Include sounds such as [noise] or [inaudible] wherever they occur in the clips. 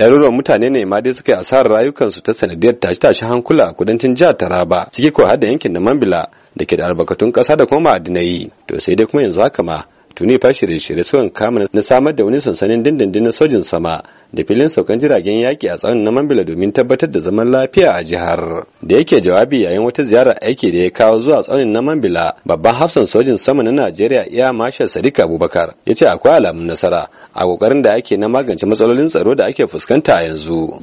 ɗaruruwan mutane ne ma dai suka yi asarar rayukansu ta sanadiyar tashe tashi hankula a kudancin jihar Taraba ciki ko har da yankin da Mambila da ke da albarkatun ƙasa da kuma ma'adinai to sai dai kuma yanzu haka ma tuni fa shirye-shirye sukan kama na samar da wani sansanin dindindin na sojin sama da filin saukan jiragen yaki a tsawon na mambila domin tabbatar da zaman lafiya a jihar da yake jawabi yayin wata ziyara aiki da ya kawo zuwa tsaunin na mambila babban hafsan sojin sama na najeriya iya mashal sadiqa abubakar ya ce akwai alamun nasara a kokarin da ake na magance matsalolin tsaro da ake fuskanta a yanzu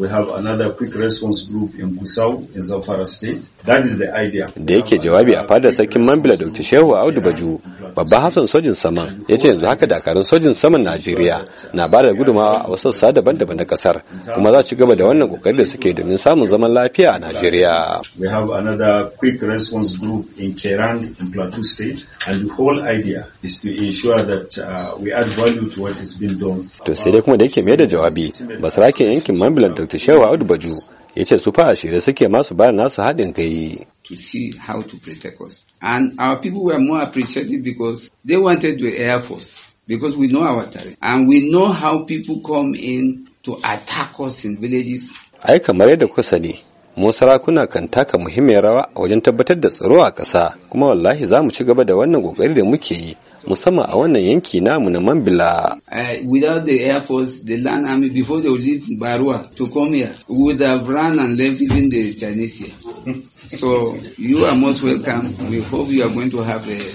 da yake jawabi a fadar sarkin mambila dr shehu audu baju babban hasan sojin saman ya ce yanzu haka dakarun sojin saman najeriya na ba da gudumawa a wasu sassa daban-daban na kasar kuma za ci gaba da wannan kokari da suke domin samun zaman lafiya a najeriya have another quick response group in kerang in state and the idea is to ensure uh, to what sai dai kuma da yake mai da jawabi basrakin yankin mambilan dr shehu audu baju ya ce su fa a shirye suke masu bayan nasu haɗin kai to see how to protect us. And our people were more appreciative because they wanted the Air Force because we know our terrain and we know how people come in to attack us in villages. Ai kamar yadda kuka sani, mu sarakuna kan taka muhimmiyar rawa wajen tabbatar da tsaro a ƙasa, kuma wallahi za mu ci gaba da wannan ƙoƙari da muke yi musamman a wannan yanki namu na Mambila. without the air force, the land army before they would leave Barua to come here, would have run and left even the Chinese here. [laughs] so you are most welcome. We hope you are going to have a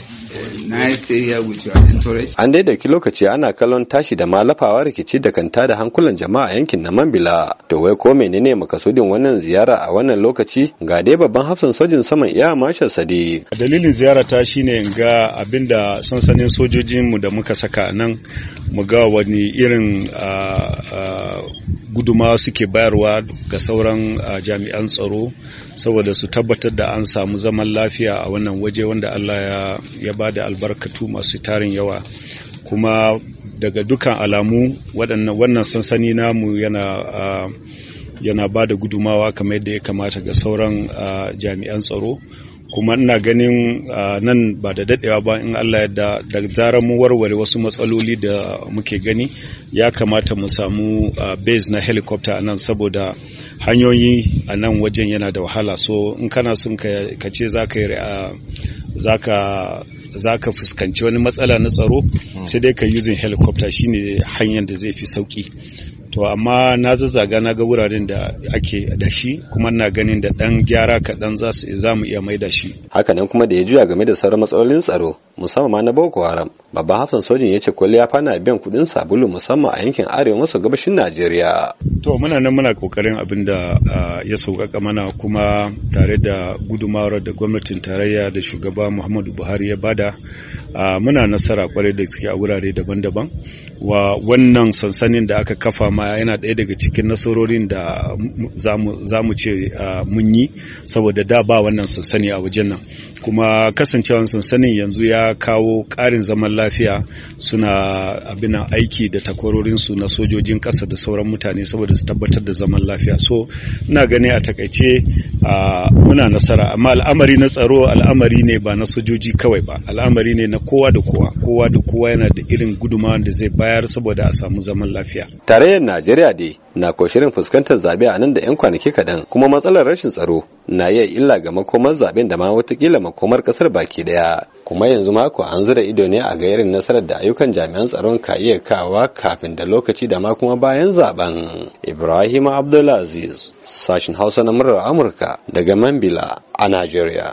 An dai daki lokaci ana kallon tashi da malafawa rikici da kanta da hankulan jama'a yankin na Mambila. To wai ko menene makasudin wannan ziyara a wannan lokaci ga dai babban hafsan sojin saman iya Marshal Sadi. Dalilin ziyara ta shi shine ga abinda sansanin sojojinmu da muka saka nan mu ga wani irin ah, ah, gudumawa suke bayarwa ga sauran jami'an tsaro saboda su tabbatar da an samu zaman lafiya a wannan waje wanda Allah ya ba da albarkatu masu tarin yawa kuma daga dukan alamu wannan sansani namu yana yana ba da gudumawa kamar yadda ya kamata ga sauran jami'an tsaro kuma ina ganin nan ba da dadewa ba in Allah yadda da zarar mu warware wasu matsaloli da muke gani ya kamata mu samu base na helicopter nan saboda hanyoyi a nan wajen yana da wahala so in kana son ka ce za ka za ka fuskanci wani matsala na tsaro hmm. sai dai ka using helicopter shine hanyar da zai fi sauki to amma na zazzaga na ga wuraren da ake da shi kuma na ganin da dan gyara kaɗan za mu iya mai da shi hakanan kuma da ya juya game da sauran matsalolin tsaro musamman ma na boko haram babban hafsan sojin ya ce kwalli ya fana biyan kuɗin sabulu musamman a yankin arewa maso gabashin najeriya to muna nan muna kokarin abin da ya sauƙaƙa mana kuma tare da gudumawar da gwamnatin tarayya da shugaba muhammadu buhari ya bada ta'adda muna nasara kwarai da suke a wurare daban-daban wa wannan sansanin da aka kafa ma yana ɗaya daga cikin nasarorin da za mu ce mun yi saboda da ba wannan sansani a wajen nan kuma kasancewan sansanin yanzu ya kawo ƙarin zaman lafiya suna abin aiki da takwarorinsu na sojojin kasa da sauran mutane saboda su tabbatar da zaman lafiya so ina gani a takaice muna nasara amma al'amari na tsaro al'amari ne ba na sojoji kawai ba al'amari ne na kowa da kowa kowa da kowa yana da irin guduma da zai bayar saboda a samu zaman lafiya tarayyar najeriya dai na ko shirin fuskantar zabe a nan da yan kwanaki kaɗan kuma matsalar rashin tsaro na iya illa ga makomar zaben da ma watakila makomar kasar baki daya kuma yanzu mako an zira ido ne a ga irin nasarar da ayyukan jami'an tsaron ka iya kawa kafin da lokaci da ma kuma bayan zaben ibrahim abdulaziz sashin hausa na murar amurka daga mambila a najeriya